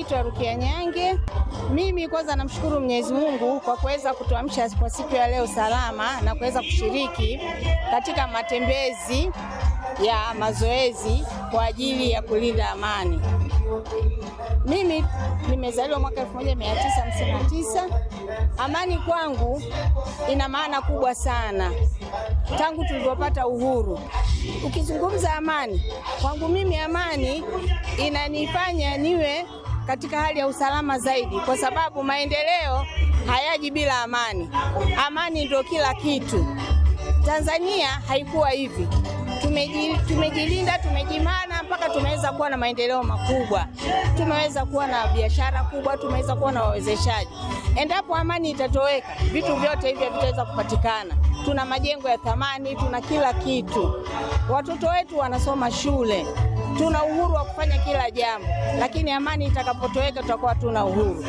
naitwa Rukia Nyange. Mimi kwanza namshukuru Mwenyezi Mungu kwa kuweza kutuamsha kwa siku ya leo salama na kuweza kushiriki katika matembezi ya mazoezi kwa ajili ya kulinda amani. Mimi nimezaliwa mwaka 1959. Amani kwangu ina maana kubwa sana tangu tulipopata uhuru. Ukizungumza amani kwangu mimi, amani inanifanya niwe katika hali ya usalama zaidi, kwa sababu maendeleo hayaji bila amani. Amani ndio kila kitu. Tanzania haikuwa hivi, tumejilinda, tumejimana mpaka tumeweza kuwa na maendeleo makubwa, tumeweza kuwa na biashara kubwa, tumeweza kuwa na wawezeshaji. Endapo amani itatoweka, vitu vyote hivyo vitaweza kupatikana. Tuna majengo ya thamani, tuna kila kitu, watoto wetu wanasoma shule, tuna uhuru wa kufanya kila jambo, lakini amani itakapotoweka, tutakuwa tuna uhuru.